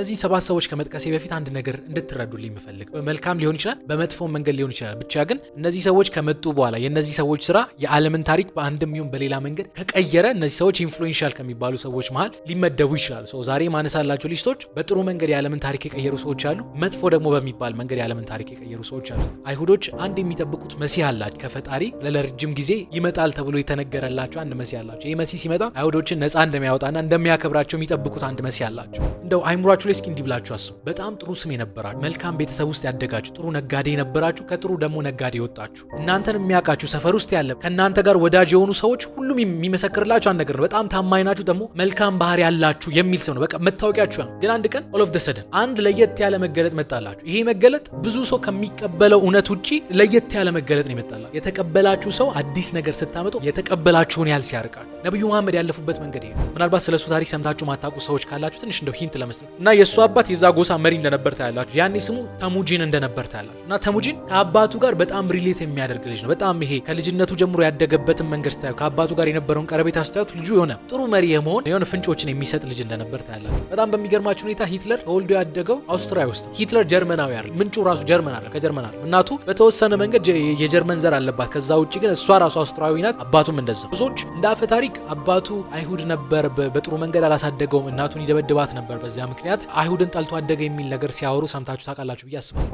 እነዚህ ሰባት ሰዎች ከመጥቀሴ በፊት አንድ ነገር እንድትረዱልኝ የምፈልግ በመልካም ሊሆን ይችላል፣ በመጥፎ መንገድ ሊሆን ይችላል። ብቻ ግን እነዚህ ሰዎች ከመጡ በኋላ የእነዚህ ሰዎች ስራ የዓለምን ታሪክ በአንድም ይሁን በሌላ መንገድ ከቀየረ እነዚህ ሰዎች ኢንፍሉዌንሻል ከሚባሉ ሰዎች መሀል ሊመደቡ ይችላሉ። ዛሬ ማነሳላቸው ሊስቶች በጥሩ መንገድ የዓለምን ታሪክ የቀየሩ ሰዎች አሉ፣ መጥፎ ደግሞ በሚባል መንገድ የዓለምን ታሪክ የቀየሩ ሰዎች አሉ። አይሁዶች አንድ የሚጠብቁት መሲህ አላቸው ከፈጣሪ ለረጅም ጊዜ ይመጣል ተብሎ የተነገረላቸው አንድ መሲህ አላቸው። ይህ መሲህ ሲመጣ አይሁዶችን ነፃ እንደሚያወጣና እንደሚያከብራቸው የሚጠብቁት አንድ መሲህ አላቸው። እንደው አይምሯችሁ በራሳችሁ ላይ እስኪ እንዲህ ብላችሁ አስቡ። በጣም ጥሩ ስም የነበራችሁ፣ መልካም ቤተሰብ ውስጥ ያደጋችሁ፣ ጥሩ ነጋዴ የነበራችሁ፣ ከጥሩ ደግሞ ነጋዴ ወጣችሁ እናንተን የሚያውቃችሁ ሰፈር ውስጥ ያለ ከእናንተ ጋር ወዳጅ የሆኑ ሰዎች ሁሉም የሚመሰክርላችሁ አንድ ነገር ነው። በጣም ታማኝ ናችሁ፣ ደግሞ መልካም ባህሪ ያላችሁ የሚል ሰው ነው። በቃ መታወቂያችሁ ነው። ግን አንድ ቀን ኦል ኦፍ ደ ሰደን አንድ ለየት ያለ መገለጥ መጣላችሁ። ይሄ መገለጥ ብዙ ሰው ከሚቀበለው እውነት ውጪ ለየት ያለ መገለጥ ነው የመጣላችሁ። የተቀበላችሁ ሰው አዲስ ነገር ስታመጡ የተቀበላችሁን ያህል ሲያርቃችሁ ነብዩ መሐመድ ያለፉበት መንገድ ይሄ ነው። ምናልባት ስለሱ ታሪክ ሰምታችሁ ማታውቁ ሰዎች ካላችሁ ትንሽ እንደው ሂንት ለመስጠት እና የእሱ አባት የዛ ጎሳ መሪ እንደነበር ታያላችሁ። ያኔ ስሙ ተሙጂን እንደነበር ታያላችሁ። እና ተሙጂን ከአባቱ ጋር በጣም ሪሌት የሚያደርግ ልጅ ነው። በጣም ይሄ ከልጅነቱ ጀምሮ ያደገበትን መንገድ ስታዩ፣ ከአባቱ ጋር የነበረውን ቀረቤታ ስታዩት ልጁ የሆነ ጥሩ መሪ የመሆን የሆነ ፍንጮችን የሚሰጥ ልጅ እንደነበር ታያላችሁ። በጣም በሚገርማችሁ ሁኔታ ሂትለር ተወልዶ ያደገው አውስትሪያ ውስጥ ሂትለር ጀርመናዊ አይደል፣ ምንጩ ራሱ ጀርመን አይደል፣ ከጀርመን አይደል። እናቱ በተወሰነ መንገድ የጀርመን ዘር አለባት። ከዛ ውጭ ግን እሷ ራሱ አውስትራዊ ናት። አባቱም እንደዛ። ብዙዎች እንደ አፈ ታሪክ አባቱ አይሁድ ነበር፣ በጥሩ መንገድ አላሳደገውም፣ እናቱን ይደበድባት ነበር። በዚያ ምክንያት ምክንያት አይሁድን ጠልቶ አደገ የሚል ነገር ሲያወሩ ሰምታችሁ ታውቃላችሁ ብዬ አስባለሁ።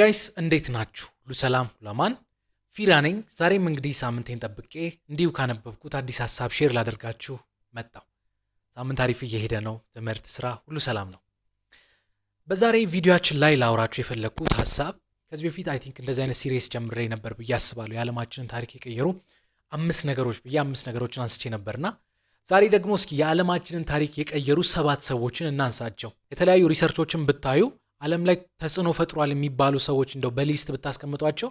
ጋይስ እንዴት ናችሁ? ሁሉ ሰላም፣ ሁሉ አማን ፊራ ነኝ። ዛሬም እንግዲህ ሳምንቴን ጠብቄ እንዲሁ ካነበብኩት አዲስ ሀሳብ ሼር ላደርጋችሁ መጣው። ሳምንት አሪፍ እየሄደ ነው። ትምህርት፣ ስራ ሁሉ ሰላም ነው። በዛሬ ቪዲዮችን ላይ ላውራችሁ የፈለግኩት ሀሳብ ከዚህ በፊት አይ ቲንክ እንደዚህ አይነት ሲሪስ ጀምሬ ነበር ብዬ አስባለሁ። የዓለማችንን ታሪክ የቀየሩ አምስት ነገሮች ብዬ አምስት ነገሮችን አንስቼ ነበርና ዛሬ ደግሞ እስኪ የዓለማችንን ታሪክ የቀየሩ ሰባት ሰዎችን እናንሳቸው። የተለያዩ ሪሰርቾችን ብታዩ ዓለም ላይ ተጽዕኖ ፈጥሯል የሚባሉ ሰዎች እንደው በሊስት ብታስቀምጧቸው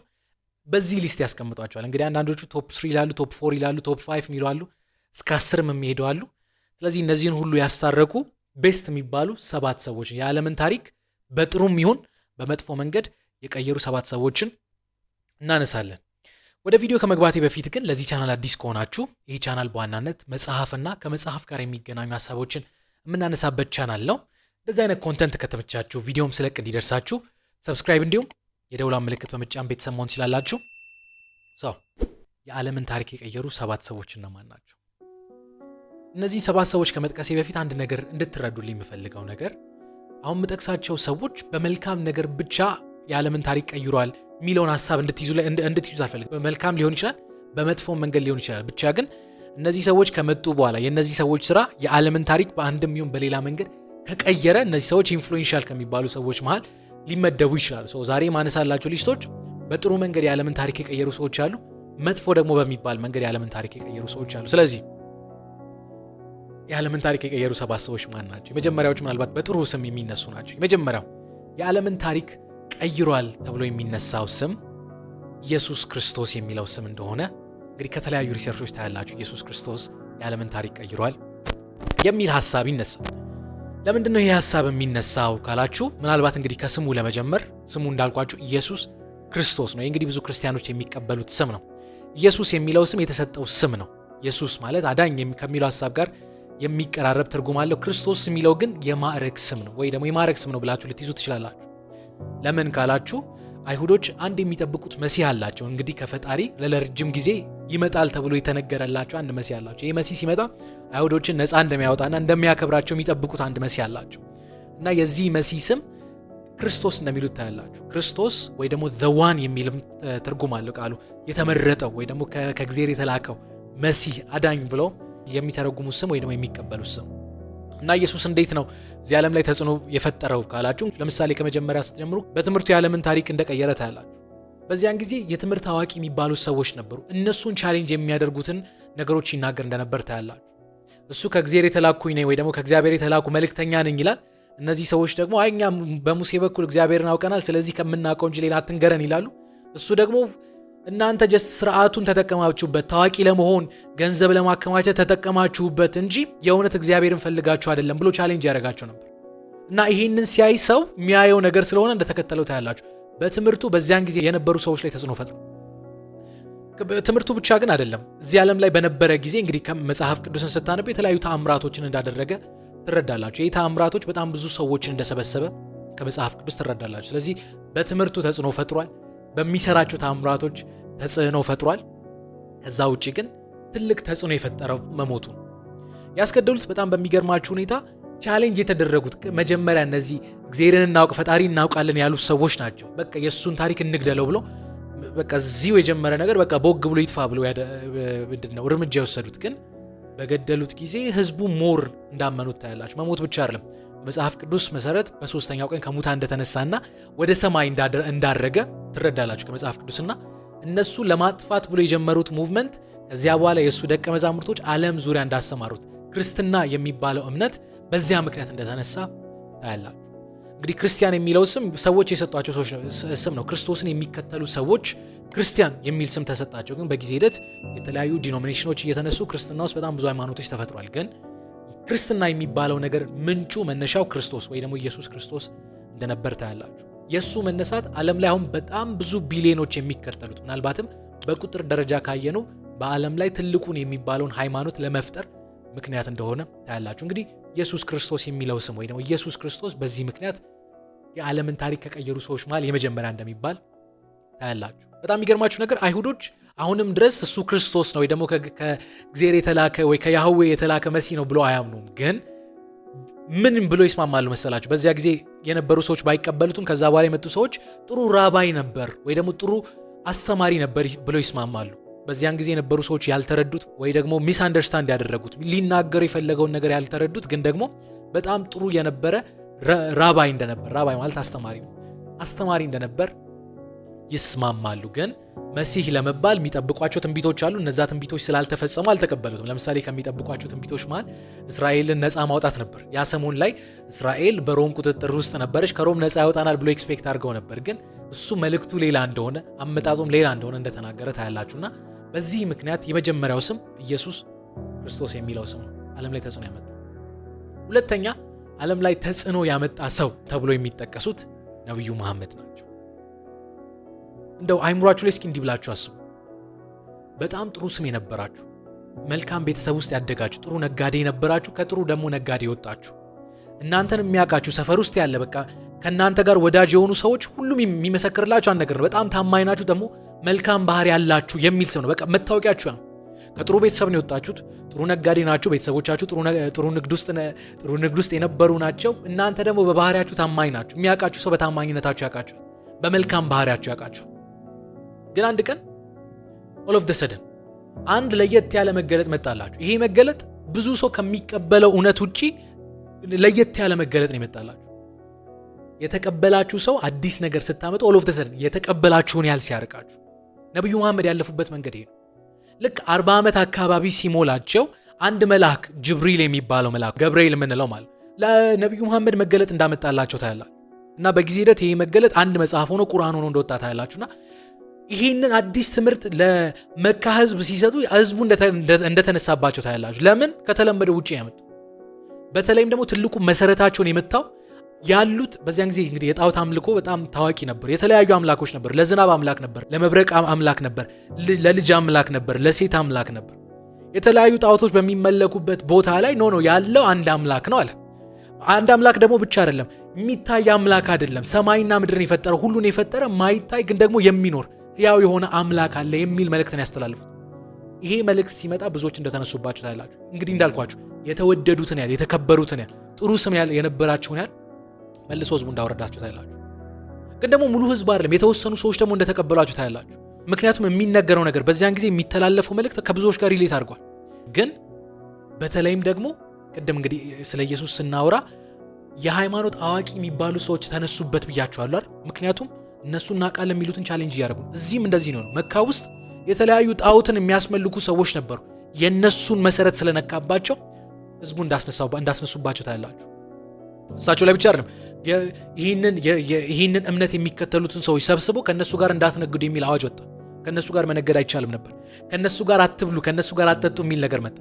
በዚህ ሊስት ያስቀምጧቸዋል። እንግዲህ አንዳንዶቹ ቶፕ ስሪ ይላሉ፣ ቶፕ ፎር ይላሉ፣ ቶፕ ፋይቭ የሚሉ አሉ፣ እስከ አስርም የሚሄዱ አሉ። ስለዚህ እነዚህን ሁሉ ያስታረቁ ቤስት የሚባሉ ሰባት ሰዎች የዓለምን ታሪክ በጥሩም ይሁን በመጥፎ መንገድ የቀየሩ ሰባት ሰዎችን እናነሳለን። ወደ ቪዲዮ ከመግባቴ በፊት ግን ለዚህ ቻናል አዲስ ከሆናችሁ ይህ ቻናል በዋናነት መጽሐፍና ከመጽሐፍ ጋር የሚገናኙ ሀሳቦችን የምናነሳበት ቻናል ነው። እንደዚህ አይነት ኮንተንት ከተመቻችሁ ቪዲዮም ስለቅ እንዲደርሳችሁ ሰብስክራይብ እንዲሁም የደውላ ምልክት በመጫን ቤተሰብ መሆን ትችላላችሁ። ሰው የዓለምን ታሪክ የቀየሩ ሰባት ሰዎች እነማን ናቸው? እነዚህ ሰባት ሰዎች ከመጥቀሴ በፊት አንድ ነገር እንድትረዱልኝ የምፈልገው ነገር አሁን የምጠቅሳቸው ሰዎች በመልካም ነገር ብቻ የዓለምን ታሪክ ቀይሯል የሚለውን ሀሳብ እንድትይዙ እንድትይዙት አልፈልግም። በመልካም ሊሆን ይችላል፣ በመጥፎ መንገድ ሊሆን ይችላል። ብቻ ግን እነዚህ ሰዎች ከመጡ በኋላ የእነዚህ ሰዎች ስራ የዓለምን ታሪክ በአንድም ይሁን በሌላ መንገድ ከቀየረ እነዚህ ሰዎች ኢንፍሉዌንሻል ከሚባሉ ሰዎች መሀል ሊመደቡ ይችላሉ። ሰው ዛሬ ማነሳላቸው ሊስቶች በጥሩ መንገድ የዓለምን ታሪክ የቀየሩ ሰዎች አሉ፣ መጥፎ ደግሞ በሚባል መንገድ የዓለምን ታሪክ የቀየሩ ሰዎች አሉ። ስለዚህ የዓለምን ታሪክ የቀየሩ ሰባት ሰዎች ማን ናቸው? የመጀመሪያዎች ምናልባት በጥሩ ስም የሚነሱ ናቸው። የመጀመሪያው የዓለምን ታሪክ ቀይሯል ተብሎ የሚነሳው ስም ኢየሱስ ክርስቶስ የሚለው ስም እንደሆነ እንግዲህ ከተለያዩ ሪሰርቾች ታያላችሁ። ኢየሱስ ክርስቶስ የዓለምን ታሪክ ቀይሯል የሚል ሀሳብ ይነሳል። ለምንድን ነው ይህ ሀሳብ የሚነሳው ካላችሁ፣ ምናልባት እንግዲህ ከስሙ ለመጀመር ስሙ እንዳልኳችሁ ኢየሱስ ክርስቶስ ነው። እንግዲህ ብዙ ክርስቲያኖች የሚቀበሉት ስም ነው። ኢየሱስ የሚለው ስም የተሰጠው ስም ነው። ኢየሱስ ማለት አዳኝ ከሚለው ሀሳብ ጋር የሚቀራረብ ትርጉም አለው። ክርስቶስ የሚለው ግን የማዕረግ ስም ነው ወይ ደግሞ የማዕረግ ስም ነው ብላችሁ ልትይዙ ትችላላችሁ። ለምን ካላችሁ አይሁዶች አንድ የሚጠብቁት መሲህ አላቸው። እንግዲህ ከፈጣሪ ለረጅም ጊዜ ይመጣል ተብሎ የተነገረላቸው አንድ መሲህ አላቸው። ይህ መሲህ ሲመጣ አይሁዶችን ነፃ እንደሚያወጣና እንደሚያከብራቸው የሚጠብቁት አንድ መሲህ አላቸው እና የዚህ መሲህ ስም ክርስቶስ እንደሚሉት ታያላችሁ። ክርስቶስ ወይ ደግሞ ዘዋን የሚልም ትርጉም አለው ቃሉ። የተመረጠው ወይ ደግሞ ከእግዜር የተላከው መሲህ አዳኝ ብለው የሚተረጉሙት ስም ወይ ደግሞ የሚቀበሉት ስም እና ኢየሱስ እንዴት ነው እዚህ ዓለም ላይ ተጽዕኖ የፈጠረው ካላችሁ ለምሳሌ ከመጀመሪያ ስትጀምሩ በትምህርቱ የዓለምን ታሪክ እንደቀየረ ታያላችሁ። በዚያን ጊዜ የትምህርት አዋቂ የሚባሉ ሰዎች ነበሩ። እነሱን ቻሌንጅ የሚያደርጉትን ነገሮች ይናገር እንደነበር ታያላችሁ። እሱ ከእግዚአብሔር የተላኩኝ ነኝ ወይ ደግሞ ከእግዚአብሔር የተላኩ መልእክተኛ ነኝ ይላል። እነዚህ ሰዎች ደግሞ አይ እኛ በሙሴ በኩል እግዚአብሔርን አውቀናል፣ ስለዚህ ከምናውቀው እንጂ ሌላ አትንገረን ይላሉ። እሱ ደግሞ እናንተ ጀስት ስርዓቱን ተጠቀማችሁበት፣ ታዋቂ ለመሆን ገንዘብ ለማከማቸት ተጠቀማችሁበት እንጂ የእውነት እግዚአብሔርን ፈልጋችሁ አይደለም ብሎ ቻሌንጅ ያደረጋቸው ነበር እና ይህንን ሲያይ ሰው የሚያየው ነገር ስለሆነ እንደተከተለው ታያላችሁ። በትምህርቱ በዚያን ጊዜ የነበሩ ሰዎች ላይ ተጽዕኖ ፈጥሮ ትምህርቱ ብቻ ግን አይደለም። እዚህ ዓለም ላይ በነበረ ጊዜ እንግዲህ መጽሐፍ ቅዱስን ስታነብ የተለያዩ ተአምራቶችን እንዳደረገ ትረዳላችሁ። ይህ ተአምራቶች በጣም ብዙ ሰዎችን እንደሰበሰበ ከመጽሐፍ ቅዱስ ትረዳላችሁ። ስለዚህ በትምህርቱ ተጽዕኖ ፈጥሯል። በሚሰራቸው ታምራቶች ተጽዕኖ ፈጥሯል። ከዛ ውጭ ግን ትልቅ ተጽዕኖ የፈጠረው መሞቱ ነው። ያስገደሉት በጣም በሚገርማችሁ ሁኔታ ቻሌንጅ የተደረጉት መጀመሪያ እነዚህ እግዚአብሔርን እናውቅ ፈጣሪ እናውቃለን ያሉት ሰዎች ናቸው። በቃ የእሱን ታሪክ እንግደለው ብሎ በቃ እዚሁ የጀመረ ነገር በቃ ቦግ ብሎ ይጥፋ ብሎ ምንድን ነው እርምጃ የወሰዱት። ግን በገደሉት ጊዜ ህዝቡ ሞር እንዳመኑት ታያላችሁ። መሞት ብቻ አይደለም መጽሐፍ ቅዱስ መሰረት በሶስተኛው ቀን ከሙታን እንደተነሳና ወደ ሰማይ እንዳረገ ትረዳላችሁ ከመጽሐፍ ቅዱስና እነሱ ለማጥፋት ብሎ የጀመሩት ሙቭመንት ከዚያ በኋላ የእሱ ደቀ መዛሙርቶች ዓለም ዙሪያ እንዳሰማሩት ክርስትና የሚባለው እምነት በዚያ ምክንያት እንደተነሳ ታያላችሁ። እንግዲህ ክርስቲያን የሚለው ስም ሰዎች የሰጧቸው ሰዎች ስም ነው። ክርስቶስን የሚከተሉ ሰዎች ክርስቲያን የሚል ስም ተሰጣቸው። ግን በጊዜ ሂደት የተለያዩ ዲኖሚኔሽኖች እየተነሱ ክርስትና ውስጥ በጣም ብዙ ሃይማኖቶች ተፈጥሯል ግን ክርስትና የሚባለው ነገር ምንጩ መነሻው ክርስቶስ ወይ ደግሞ ኢየሱስ ክርስቶስ እንደነበር ታያላችሁ። የእሱ መነሳት ዓለም ላይ አሁን በጣም ብዙ ቢሊዮኖች የሚከተሉት ምናልባትም በቁጥር ደረጃ ካየነው በዓለም ላይ ትልቁን የሚባለውን ሃይማኖት ለመፍጠር ምክንያት እንደሆነ ታያላችሁ። እንግዲህ ኢየሱስ ክርስቶስ የሚለው ስም ወይ ደግሞ ኢየሱስ ክርስቶስ በዚህ ምክንያት የዓለምን ታሪክ ከቀየሩ ሰዎች መሃል የመጀመሪያ እንደሚባል ታያላችሁ። በጣም የሚገርማችሁ ነገር አይሁዶች አሁንም ድረስ እሱ ክርስቶስ ነው ወይ ደግሞ ከእግዚአብሔር የተላከ ወይ ከያህዌ የተላከ መሲህ ነው ብሎ አያምኑም። ግን ምን ብሎ ይስማማሉ መሰላችሁ? በዚያ ጊዜ የነበሩ ሰዎች ባይቀበሉትም ከዛ በኋላ የመጡ ሰዎች ጥሩ ራባይ ነበር ወይ ደግሞ ጥሩ አስተማሪ ነበር ብሎ ይስማማሉ። በዚያን ጊዜ የነበሩ ሰዎች ያልተረዱት ወይ ደግሞ ሚስ አንደርስታንድ ያደረጉት ሊናገሩ የፈለገውን ነገር ያልተረዱት ግን ደግሞ በጣም ጥሩ የነበረ ራባይ እንደነበር ራባይ ማለት አስተማሪ ነው አስተማሪ እንደነበር ይስማማሉ። ግን መሲህ ለመባል የሚጠብቋቸው ትንቢቶች አሉ። እነዛ ትንቢቶች ስላልተፈጸሙ አልተቀበሉትም። ለምሳሌ ከሚጠብቋቸው ትንቢቶች መሃል እስራኤልን ነፃ ማውጣት ነበር። ያ ሰሞን ላይ እስራኤል በሮም ቁጥጥር ውስጥ ነበረች። ከሮም ነፃ ያወጣናል ብሎ ኤክስፔክት አድርገው ነበር። ግን እሱ መልእክቱ ሌላ እንደሆነ አመጣጡም ሌላ እንደሆነ እንደተናገረ ታያላችሁና በዚህ ምክንያት የመጀመሪያው ስም ኢየሱስ ክርስቶስ የሚለው ስም ነው ዓለም ላይ ተጽዕኖ ያመጣ። ሁለተኛ ዓለም ላይ ተጽዕኖ ያመጣ ሰው ተብሎ የሚጠቀሱት ነቢዩ መሐመድ ናቸው። እንደው አይምሯችሁ ላይ እስኪ እንዲህ ብላችሁ አስቡ። በጣም ጥሩ ስም የነበራችሁ፣ መልካም ቤተሰብ ውስጥ ያደጋችሁ፣ ጥሩ ነጋዴ የነበራችሁ፣ ከጥሩ ደግሞ ነጋዴ የወጣችሁ፣ እናንተን የሚያውቃችሁ ሰፈር ውስጥ ያለ በቃ ከእናንተ ጋር ወዳጅ የሆኑ ሰዎች ሁሉም የሚመሰክርላችሁ አንድ ነገር ነው። በጣም ታማኝ ናችሁ፣ ደግሞ መልካም ባህሪ ያላችሁ የሚል ስም ነው። በቃ መታወቂያችሁ ያ ከጥሩ ቤተሰብ ነው የወጣችሁት። ጥሩ ነጋዴ ናችሁ። ቤተሰቦቻችሁ ጥሩ ንግድ ውስጥ የነበሩ ናቸው። እናንተ ደግሞ በባህሪያችሁ ታማኝ ናችሁ። የሚያውቃችሁ ሰው በታማኝነታችሁ ያውቃችኋል። በመልካም ባህሪያችሁ ያውቃችኋል። ግን አንድ ቀን ኦል ኦፍ ደ ሰደን አንድ ለየት ያለ መገለጥ መጣላችሁ። ይሄ መገለጥ ብዙ ሰው ከሚቀበለው እውነት ውጪ ለየት ያለ መገለጥ ነው የመጣላችሁ። የተቀበላችሁ ሰው አዲስ ነገር ስታመጡ ኦል ኦፍ ደ ሰደን የተቀበላችሁን ያህል ሲያርቃችሁ። ነቢዩ መሐመድ ያለፉበት መንገድ ይሄ ነው። ልክ አርባ ዓመት አካባቢ ሲሞላቸው አንድ መልአክ ጅብሪል የሚባለው መልአክ ገብርኤል የምንለው ማለት ለነቢዩ መሐመድ መገለጥ እንዳመጣላቸው ታያላችሁ። እና በጊዜ ሂደት ይሄ መገለጥ አንድ መጽሐፍ ሆኖ ቁርአን ሆኖ እንደወጣ ታያላችሁና ይህንን አዲስ ትምህርት ለመካ ህዝብ ሲሰጡ ህዝቡ እንደተነሳባቸው ታያላችሁ። ለምን ከተለመደው ውጭ ያመጡ በተለይም ደግሞ ትልቁ መሰረታቸውን የመታው ያሉት በዚያን ጊዜ እንግዲህ የጣዖት አምልኮ በጣም ታዋቂ ነበር። የተለያዩ አምላኮች ነበር። ለዝናብ አምላክ ነበር፣ ለመብረቅ አምላክ ነበር፣ ለልጅ አምላክ ነበር፣ ለሴት አምላክ ነበር። የተለያዩ ጣዖቶች በሚመለኩበት ቦታ ላይ ኖ ኖ ያለው አንድ አምላክ ነው አለ። አንድ አምላክ ደግሞ ብቻ አይደለም፣ የሚታይ አምላክ አይደለም። ሰማይና ምድርን የፈጠረ ሁሉን የፈጠረ ማይታይ ግን ደግሞ የሚኖር ያው የሆነ አምላክ አለ የሚል መልእክትን ያስተላልፉ ይሄ መልእክት ሲመጣ ብዙዎች እንደተነሱባቸው ታላላችሁ። እንግዲህ እንዳልኳችሁ የተወደዱትን ያህል የተከበሩትን ያህል ጥሩ ስም ያህል የነበራችሁን ያህል መልሶ ህዝቡ እንዳወረዳችሁ ታያላችሁ። ግን ደግሞ ሙሉ ህዝብ አይደለም፣ የተወሰኑ ሰዎች ደግሞ እንደተቀበሏችሁ ታያላችሁ። ምክንያቱም የሚነገረው ነገር በዚያን ጊዜ የሚተላለፈው መልእክት ከብዙዎች ጋር ሪሌት አድርጓል። ግን በተለይም ደግሞ ቅድም እንግዲህ ስለ ኢየሱስ ስናወራ የሃይማኖት አዋቂ የሚባሉ ሰዎች ተነሱበት ብያቸዋሉ አይደል? ምክንያቱም እነሱ እናውቃለን የሚሉትን ቻሌንጅ እያደረጉ ነው። እዚህም እንደዚህ ነው። መካ ውስጥ የተለያዩ ጣዖትን የሚያስመልኩ ሰዎች ነበሩ። የእነሱን መሰረት ስለነካባቸው ህዝቡ እንዳስነሱባቸው ታያላችሁ። እሳቸው ላይ ብቻ አይደለም፣ ይህንን እምነት የሚከተሉትን ሰዎች ሰብስበው ከእነሱ ጋር እንዳትነግዱ የሚል አዋጅ ወጣ። ከእነሱ ጋር መነገድ አይቻልም ነበር። ከእነሱ ጋር አትብሉ፣ ከእነሱ ጋር አትጠጡ የሚል ነገር መጣ።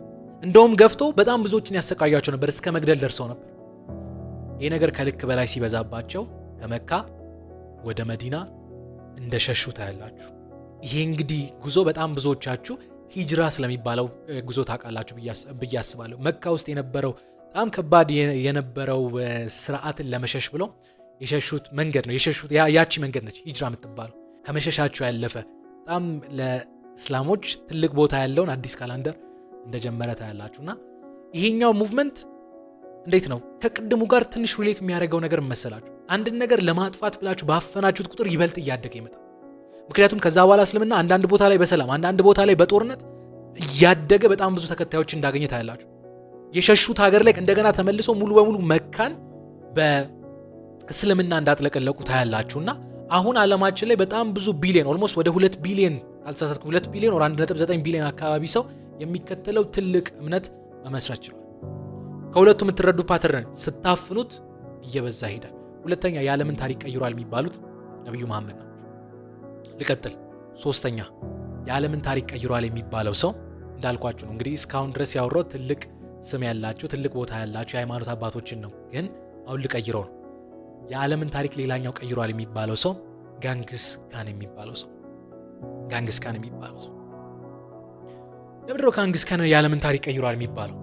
እንደውም ገፍቶ በጣም ብዙዎችን ያሰቃያቸው ነበር። እስከ መግደል ደርሰው ነበር። ይህ ነገር ከልክ በላይ ሲበዛባቸው ከመካ ወደ መዲና እንደሸሹ ታያላችሁ። ይሄ እንግዲህ ጉዞ በጣም ብዙዎቻችሁ ሂጅራ ስለሚባለው ጉዞ ታውቃላችሁ ብዬ አስባለሁ። መካ ውስጥ የነበረው በጣም ከባድ የነበረው ስርዓትን ለመሸሽ ብለው የሸሹት መንገድ ነው። የሸሹት ያቺ መንገድ ነች ሂጅራ የምትባለው። ከመሸሻቸው ያለፈ በጣም ለእስላሞች ትልቅ ቦታ ያለውን አዲስ ካላንደር እንደጀመረ ታያላችሁ እና ይሄኛው ሙቭመንት እንዴት ነው ከቅድሙ ጋር ትንሽ ሪሌት የሚያደርገው ነገር መሰላችሁ? አንድን ነገር ለማጥፋት ብላችሁ ባፈናችሁት ቁጥር ይበልጥ እያደገ ይመጣል። ምክንያቱም ከዛ በኋላ እስልምና አንዳንድ ቦታ ላይ በሰላም አንዳንድ ቦታ ላይ በጦርነት እያደገ በጣም ብዙ ተከታዮች እንዳገኘ ታያላችሁ። የሸሹት ሀገር ላይ እንደገና ተመልሶ ሙሉ በሙሉ መካን በእስልምና እንዳጥለቀለቁ እና አሁን ዓለማችን ላይ በጣም ብዙ ቢሊዮን ኦልሞስት ወደ ሁለት ቢሊዮን አልተሳሳትኩም፣ ሁለት ቢሊዮን ወደ 1.9 ቢሊዮን አካባቢ ሰው የሚከተለው ትልቅ እምነት መመስረት ችሏል። ከሁለቱ የምትረዱ ፓተርን ስታፍኑት እየበዛ ይሄዳል። ሁለተኛ የዓለምን ታሪክ ቀይሯል የሚባሉት ነቢዩ መሐመድ ነው። ልቀጥል። ሶስተኛ የዓለምን ታሪክ ቀይሯል የሚባለው ሰው እንዳልኳችሁ ነው። እንግዲህ እስካሁን ድረስ ያወራው ትልቅ ስም ያላቸው ትልቅ ቦታ ያላቸው የሃይማኖት አባቶችን ነው። ግን አሁን ልቀይረው ነው። የዓለምን ታሪክ ሌላኛው ቀይሯል የሚባለው ሰው ጋንግስ ካን የሚባለው ሰው ጋንግስ ካን የሚባለው ሰው የምድሮ ከአንግስ ካን የዓለምን ታሪክ ቀይሯል የሚባለው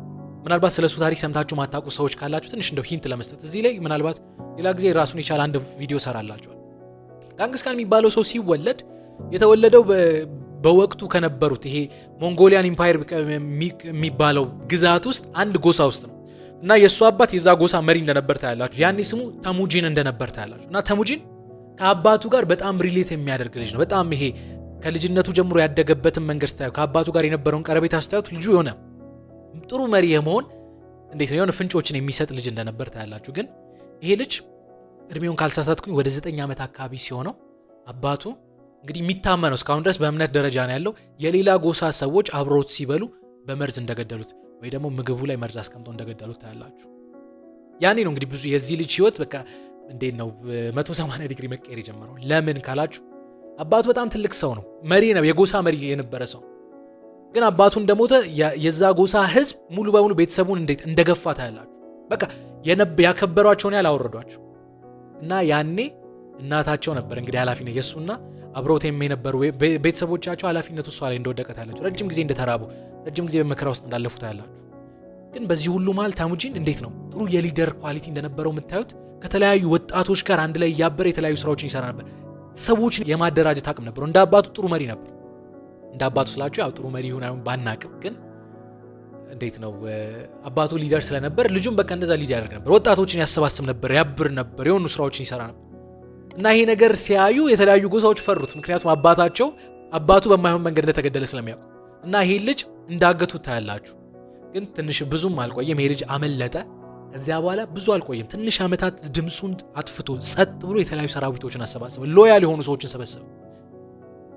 ምናልባት ስለ እሱ ታሪክ ሰምታችሁ ማታውቁ ሰዎች ካላችሁ ትንሽ እንደው ሂንት ለመስጠት እዚህ ላይ ምናልባት ሌላ ጊዜ ራሱን የቻለ አንድ ቪዲዮ ሰራላችኋል። ጋንግስ ካን የሚባለው ሰው ሲወለድ የተወለደው በወቅቱ ከነበሩት ይሄ ሞንጎሊያን ኢምፓየር የሚባለው ግዛት ውስጥ አንድ ጎሳ ውስጥ ነው እና የእሱ አባት የዛ ጎሳ መሪ እንደነበር ታያላችሁ። ያኔ ስሙ ተሙጂን እንደነበር ታያላችሁ። እና ተሙጂን ከአባቱ ጋር በጣም ሪሌት የሚያደርግ ልጅ ነው። በጣም ይሄ ከልጅነቱ ጀምሮ ያደገበትን መንገድ ስታዩ፣ ከአባቱ ጋር የነበረውን ቀረቤታ ስታዩት ልጁ የሆነ ጥሩ መሪ የመሆን እንዴት ነው የሆነ ፍንጮችን የሚሰጥ ልጅ እንደነበር ታያላችሁ። ግን ይሄ ልጅ እድሜውን ካልሳሳትኩኝ ወደ ዘጠኝ ዓመት አካባቢ ሲሆነው አባቱ እንግዲህ የሚታመነው እስካሁን ድረስ በእምነት ደረጃ ነው ያለው የሌላ ጎሳ ሰዎች አብረውት ሲበሉ በመርዝ እንደገደሉት ወይ ደግሞ ምግቡ ላይ መርዝ አስቀምጠው እንደገደሉት ታያላችሁ። ያኔ ነው እንግዲህ ብዙ የዚህ ልጅ ህይወት በቃ እንዴት ነው 180 ዲግሪ መቀየር የጀመረው። ለምን ካላችሁ አባቱ በጣም ትልቅ ሰው ነው፣ መሪ ነው፣ የጎሳ መሪ የነበረ ሰው ግን አባቱ እንደሞተ የዛ ጎሳ ህዝብ ሙሉ በሙሉ ቤተሰቡን እንዴት እንደገፋ ታያላችሁ። በቃ ያከበሯቸውን ያህል አወረዷቸው እና ያኔ እናታቸው ነበር እንግዲህ ኃላፊነት የእሱና አብረውት የነበሩ ቤተሰቦቻቸው ኃላፊነቱ እሷ ላይ እንደወደቀ ታያላችሁ። ረጅም ጊዜ እንደተራቡ፣ ረጅም ጊዜ በመከራ ውስጥ እንዳለፉ ታያላችሁ። ግን በዚህ ሁሉ መሃል ታሙጂን እንዴት ነው ጥሩ የሊደር ኳሊቲ እንደነበረው የምታዩት። ከተለያዩ ወጣቶች ጋር አንድ ላይ እያበረ የተለያዩ ስራዎችን ይሰራ ነበር። ሰዎችን የማደራጀት አቅም ነበረው። እንደ አባቱ ጥሩ መሪ ነበር። እንደ አባቱ ስላቸው ያው ጥሩ መሪ ይሁን አይሁን ባናቅም ግን እንዴት ነው አባቱ ሊደር ስለነበር ልጁም በቃ እንደዛ ሊድ ያደርግ ነበር። ወጣቶችን ያሰባስብ ነበር፣ ያብር ነበር፣ የሆኑ ስራዎችን ይሰራ ነበር እና ይሄ ነገር ሲያዩ የተለያዩ ጎሳዎች ፈሩት። ምክንያቱም አባታቸው አባቱ በማይሆን መንገድ እንደተገደለ ስለሚያውቁ እና ይሄ ልጅ እንዳገቱት ታያላችሁ። ግን ትንሽ ብዙም አልቆየም፣ ይሄ ልጅ አመለጠ። ከዚያ በኋላ ብዙ አልቆየም። ትንሽ ዓመታት ድምፁን አጥፍቶ ጸጥ ብሎ የተለያዩ ሰራዊቶችን አሰባስበ፣ ሎያል የሆኑ ሰዎችን ሰበሰበ።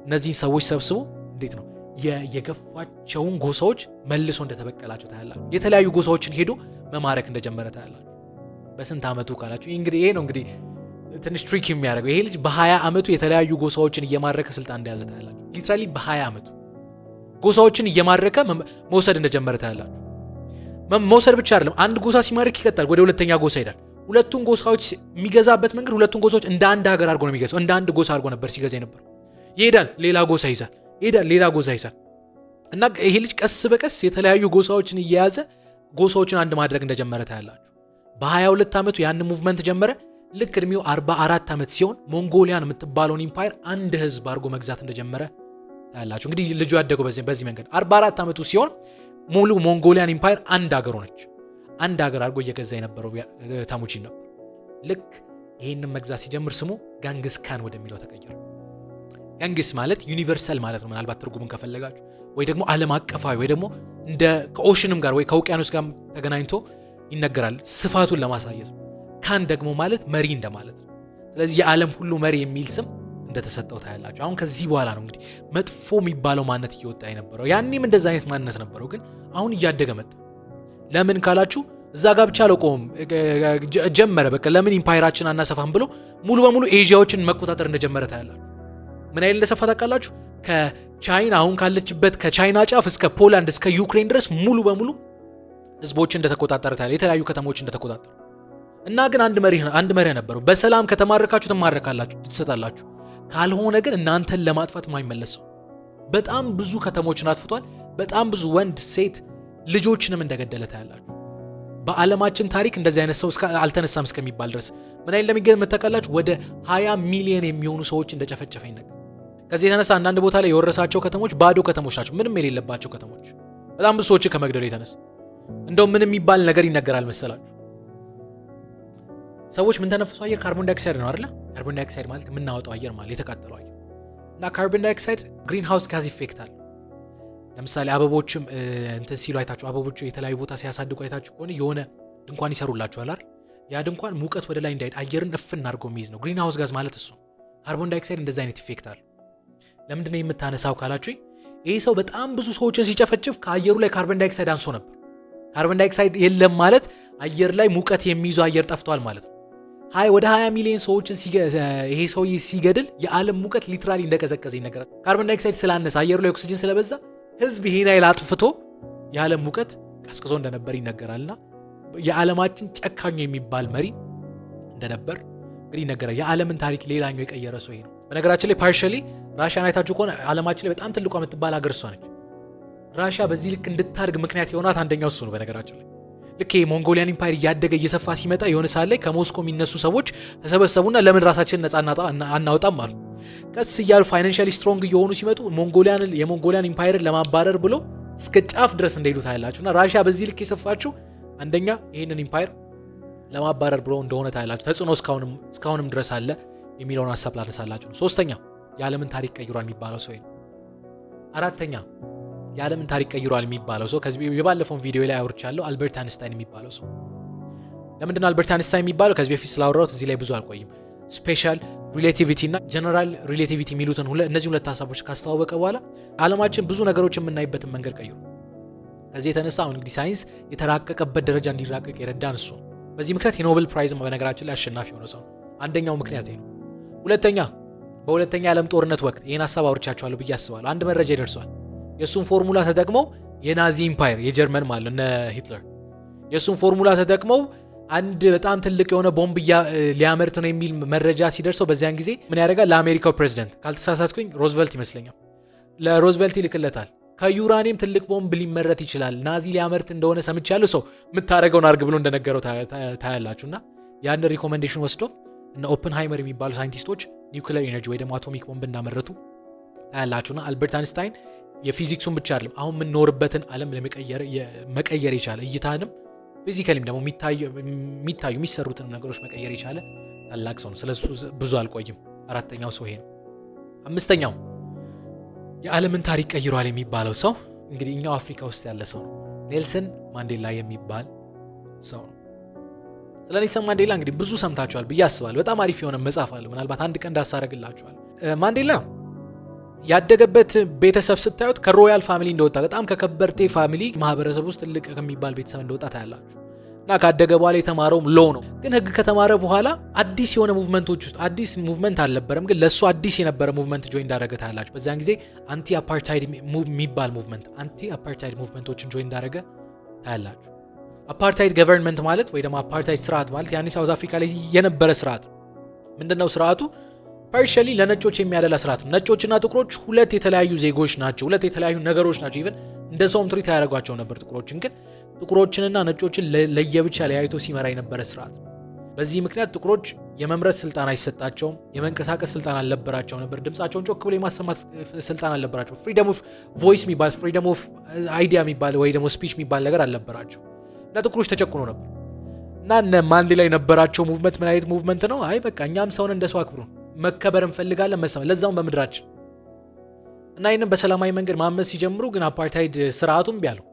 እነዚህን ሰዎች ሰብስቦ እንዴት ነው የገፋቸውን ጎሳዎች መልሶ እንደተበቀላቸው ታያላችሁ። የተለያዩ ጎሳዎችን ሄዶ መማረክ እንደጀመረ ታያላችሁ። በስንት ዓመቱ ካላችሁ እንግዲህ ይሄ ነው እንግዲህ ትንሽ ትሪክ የሚያደርገው ይሄ ልጅ በ20 ዓመቱ የተለያዩ ጎሳዎችን እየማረከ ስልጣን እንደያዘ ታያላችሁ። ሊትራሊ በ20 ዓመቱ ጎሳዎችን እየማረከ መውሰድ እንደጀመረ ታያላችሁ። መውሰድ ብቻ አይደለም፣ አንድ ጎሳ ሲማርክ ይቀጥላል፣ ወደ ሁለተኛ ጎሳ ይሄዳል። ሁለቱን ጎሳዎች የሚገዛበት መንገድ ሁለቱን ጎሳዎች እንደ አንድ ሀገር አድርጎ ነው የሚገዛው። እንደ አንድ ጎሳ አድርጎ ነበር ሲገዛ ነበር። ይሄዳል፣ ሌላ ጎሳ ይዛል ይሄዳል፣ ሌላ ጎሳ ይሳል እና ይሄ ልጅ ቀስ በቀስ የተለያዩ ጎሳዎችን እየያዘ ጎሳዎችን አንድ ማድረግ እንደጀመረ ታያላችሁ። በ22 ዓመቱ ያን ሙቭመንት ጀመረ። ልክ እድሜው 44 ዓመት ሲሆን ሞንጎሊያን የምትባለውን ኢምፓየር አንድ ህዝብ አድርጎ መግዛት እንደጀመረ ታያላችሁ። እንግዲህ ልጁ ያደገው በዚህ መንገድ 44 ዓመቱ ሲሆን ሙሉ ሞንጎሊያን ኢምፓየር አንድ አገር ሆነች። አንድ አገር አድርጎ እየገዛ የነበረው ታሙቺን ነው። ልክ ይህንን መግዛት ሲጀምር ስሙ ጋንግስካን ወደሚለው ተቀየረ። ያንግስ ማለት ዩኒቨርሳል ማለት ነው። ምናልባት ትርጉሙን ከፈለጋችሁ ወይ ደግሞ ዓለም አቀፋዊ ወይ ደግሞ እንደ ከኦሽንም ጋር ወይ ከውቅያኖስ ጋር ተገናኝቶ ይነገራል። ስፋቱን ለማሳየት ካን ደግሞ ማለት መሪ እንደማለት ነው። ስለዚህ የዓለም ሁሉ መሪ የሚል ስም እንደተሰጠው ታያላችሁ። አሁን ከዚህ በኋላ ነው እንግዲህ መጥፎ የሚባለው ማነት እየወጣ የነበረው። ያኔም እንደዚ አይነት ማንነት ነበረው፣ ግን አሁን እያደገ መጣ። ለምን ካላችሁ እዛ ጋር ብቻ አልቆም ጀመረ። በቃ ለምን ኢምፓይራችን አናሰፋም ብሎ ሙሉ በሙሉ ኤዥያዎችን መቆጣጠር እንደጀመረ ታያላችሁ። ምን ያህል እንደሰፋ ታውቃላችሁ? ከቻይና አሁን ካለችበት ከቻይና ጫፍ እስከ ፖላንድ እስከ ዩክሬን ድረስ ሙሉ በሙሉ ህዝቦች እንደተቆጣጠረ ታዲያ የተለያዩ ከተሞች እንደተቆጣጠረ እና ግን አንድ መሪህ አንድ መሪህ ነበረው። በሰላም ከተማረካችሁ ትማረካላችሁ፣ ትሰጣላችሁ። ካልሆነ ግን እናንተን ለማጥፋት ማይመለስ በጣም ብዙ ከተሞችን አጥፍቷል። በጣም ብዙ ወንድ፣ ሴት ልጆችንም እንደገደለ ታያላችሁ። በዓለማችን ታሪክ እንደዚህ አይነት ሰው አልተነሳም እስከሚባል ድረስ ምን አይነት እንደሚገርም ታውቃላችሁ? ወደ 20 ሚሊዮን የሚሆኑ ሰዎች እንደጨፈጨፈ ይነገራል። ከዚህ የተነሳ አንዳንድ ቦታ ላይ የወረሳቸው ከተሞች ባዶ ከተሞች ናቸው፣ ምንም የሌለባቸው ከተሞች፣ በጣም ብዙ ሰዎች ከመግደሉ የተነሳ እንደው ምንም የሚባል ነገር ይነገራል መሰላችሁ? ሰዎች ምን ተነፍሱ? አየር ካርቦን ዳይኦክሳይድ ነው አይደለ? ካርቦን ዳይኦክሳይድ ማለት የምናወጣው አየር ማለት የተቃጠለው አየር እና ካርቦን ዳይኦክሳይድ ግሪን ሃውስ ጋዝ ኢፌክት አለ። ለምሳሌ አበቦችም እንትን ሲሉ አይታችሁ አበቦች የተለያዩ ቦታ ሲያሳድጉ አይታችሁ ከሆነ የሆነ ድንኳን ይሰሩላችኋል አይደል? ያ ድንኳን ሙቀት ወደ ላይ እንዳይሄድ አየርን እፍን አድርጎ የሚይዝ ነው። ግሪን ሃውስ ጋዝ ማለት እሱ። ካርቦን ዳይኦክሳይድ እንደዚ አይነት ኢፌክት አለ። ለምንድን ነው የምታነሳው ካላችሁኝ ይህ ሰው በጣም ብዙ ሰዎችን ሲጨፈጭፍ ከአየሩ ላይ ካርበን ዳይኦክሳይድ አንሶ ነበር። ካርበን ዳይኦክሳይድ የለም ማለት አየር ላይ ሙቀት የሚይዘው አየር ጠፍቷል ማለት ነው። ሀይ ወደ 20 ሚሊዮን ሰዎችን ይሄ ሰው ሲገድል የዓለም ሙቀት ሊትራሊ እንደቀዘቀዘ ይነገራል። ካርቦን ዳይኦክሳይድ ስላነሰ አየሩ ላይ ኦክሲጅን ስለበዛ ህዝብ ይሄን ኃይል አጥፍቶ የዓለም ሙቀት ቀስቅዞ እንደነበር ይነገራልና የዓለማችን ጨካኙ የሚባል መሪ እንደነበር እንግዲህ ይነገራል። የዓለምን ታሪክ ሌላኛው የቀየረ ሰው ይሄ ነው። በነገራችን ላይ ፓርሻሊ ራሽያን አይታችሁ ከሆነ ዓለማችን ላይ በጣም ትልቋ የምትባል ሀገር እሷ ነች። ራሽያ በዚህ ልክ እንድታድግ ምክንያት የሆናት አንደኛው እሱ ነው። በነገራችን ላይ ልክ የሞንጎሊያን ኢምፓየር እያደገ እየሰፋ ሲመጣ የሆነ ሰዓት ላይ ከሞስኮ የሚነሱ ሰዎች ተሰበሰቡና ለምን ራሳችን ነጻ አናወጣም አሉ። ቀስ እያሉ ፋይናንሻሊ ስትሮንግ እየሆኑ ሲመጡ የሞንጎሊያን ኢምፓየርን ለማባረር ብሎ እስከ ጫፍ ድረስ እንደሄዱ ታያላችሁ። እና ራሽያ በዚህ ልክ የሰፋችው አንደኛ ይህንን ኢምፓየር ለማባረር ብሎ እንደሆነ ታያላችሁ። ተጽዕኖ እስካሁንም ድረስ አለ። የሚለውን ሀሳብ ላነሳላችሁ ነው። ሶስተኛ የዓለምን ታሪክ ቀይሯል የሚባለው ሰው አራተኛ የዓለምን ታሪክ ቀይሯል የሚባለው ሰው ከዚህ የባለፈውን ቪዲዮ ላይ አውርቻለሁ፣ አልበርት አንስታይን የሚባለው ሰው። ለምንድን አልበርት አንስታይን የሚባለው? ከዚህ በፊት ስላወራሁት እዚህ ላይ ብዙ አልቆይም። ስፔሻል ሪሌቲቪቲ እና ጀነራል ሪሌቲቪቲ የሚሉትን እነዚህ ሁለት ሀሳቦች ካስተዋወቀ በኋላ ዓለማችን ብዙ ነገሮች የምናይበትን መንገድ ቀይሩ። ከዚህ የተነሳ አሁን እንግዲህ ሳይንስ የተራቀቀበት ደረጃ እንዲራቀቅ የረዳን እሱ። በዚህ ምክንያት የኖብል ፕራይዝ በነገራችን ላይ አሸናፊ የሆነ ሰው አንደኛው ምክንያት ነው። ሁለተኛ በሁለተኛ የዓለም ጦርነት ወቅት ይህን ሀሳብ አውርቻቸዋለሁ ብዬ አስባለሁ። አንድ መረጃ ይደርሷል። የእሱን ፎርሙላ ተጠቅመው የናዚ ኢምፓየር የጀርመን ማለት እነ ሂትለር የእሱን ፎርሙላ ተጠቅመው አንድ በጣም ትልቅ የሆነ ቦምብ ሊያመርት ነው የሚል መረጃ ሲደርሰው በዚያን ጊዜ ምን ያደርጋል? ለአሜሪካው ፕሬዚደንት ካልተሳሳትኩኝ ሮዝቨልት ይመስለኛል፣ ለሮዝቨልት ይልክለታል። ከዩራኒየም ትልቅ ቦምብ ሊመረት ይችላል፣ ናዚ ሊያመርት እንደሆነ ሰምቻለሁ፣ ሰው የምታደርገውን አድርግ ብሎ እንደነገረው ታያላችሁ። እና ያን ሪኮሜንዴሽን ወስዶ እነ ኦፕንሃይመር የሚባሉ ሳይንቲስቶች ኒውክሌር ኤነርጂ ወይ ደግሞ አቶሚክ ቦምብ እንዳመረቱ ታያላችሁና አልበርት አንስታይን የፊዚክሱን ብቻ አይደለም አሁን የምንኖርበትን ዓለም መቀየር የቻለ እይታንም ፊዚካሊም ደግሞ የሚታዩ የሚሰሩትን ነገሮች መቀየር የቻለ ታላቅ ሰው ነው። ስለሱ ብዙ አልቆይም። አራተኛው ሰው ይሄ ነው። አምስተኛው የዓለምን ታሪክ ቀይሯል የሚባለው ሰው እንግዲህ እኛው አፍሪካ ውስጥ ያለ ሰው ነው። ኔልሰን ማንዴላ የሚባል ሰው ነው። ስለኔልሰን ማንዴላ እንግዲህ ብዙ ሰምታችኋል ብዬ አስባል። በጣም አሪፍ የሆነ መጽሐፍ አለ። ምናልባት አንድ ቀን ዳሳረግላችኋል። ማንዴላ ያደገበት ቤተሰብ ስታዩት ከሮያል ፋሚሊ እንደወጣ በጣም ከከበርቴ ፋሚሊ ማህበረሰብ ውስጥ ትልቅ ከሚባል ቤተሰብ እንደወጣ ታያላችሁ። እና ካደገ በኋላ የተማረውም ሎ ነው። ግን ህግ ከተማረ በኋላ አዲስ የሆነ ሙቭመንቶች ውስጥ አዲስ ሙቭመንት አልነበረም፣ ግን ለእሱ አዲስ የነበረ ሙቭመንት ጆይን እንዳደረገ ታያላችሁ። በዚያን ጊዜ አንቲ አፓርታይድ የሚባል ሙቭመንት አንቲ አፓርታይድ ሙቭመንቶችን ጆይን እንዳደረገ ታያላችሁ። አፓርታይድ ገቨርንመንት ማለት ወይ ደግሞ አፓርታይድ ስርዓት ማለት ያኔ ሳውዝ አፍሪካ ላይ የነበረ ስርዓት ነው። ምንድነው ስርዓቱ? ፓርሻሊ ለነጮች የሚያደላ ስርዓት ነው። ነጮችና ጥቁሮች ሁለት የተለያዩ ዜጎች ናቸው፣ ሁለት የተለያዩ ነገሮች ናቸው። ኢቨን እንደ ሰውም ትሪት ያደርጓቸው ነበር ጥቁሮችን። ግን ጥቁሮችንና ነጮችን ለየብቻ ለያይቶ ሲመራ የነበረ ስርዓት ነው። በዚህ ምክንያት ጥቁሮች የመምረት ስልጣን አይሰጣቸውም፣ የመንቀሳቀስ ስልጣን አልነበራቸው ነበር። ድምፃቸውን ጮክ ብሎ የማሰማት ስልጣን አልነበራቸው። ፍሪደም ኦፍ ቮይስ የሚባል ፍሪደም ኦፍ አይዲያ የሚባል ወይ ደግሞ ስፒች የሚባል ነገር አልነበራቸው። ለጥቁሮች ተጨቁኖ ነበር እና እነ ማንዴላ የነበራቸው ሙቭመንት ምን አይነት ሙቭመንት ነው? አይ በቃ እኛም ሰውን እንደ ሰው አክብሩ፣ መከበር እንፈልጋለን፣ መሰማ ለዛውም በምድራችን እና ይህንም በሰላማዊ መንገድ ማመስ ሲጀምሩ ግን አፓርታይድ ስርዓቱም ቢያለው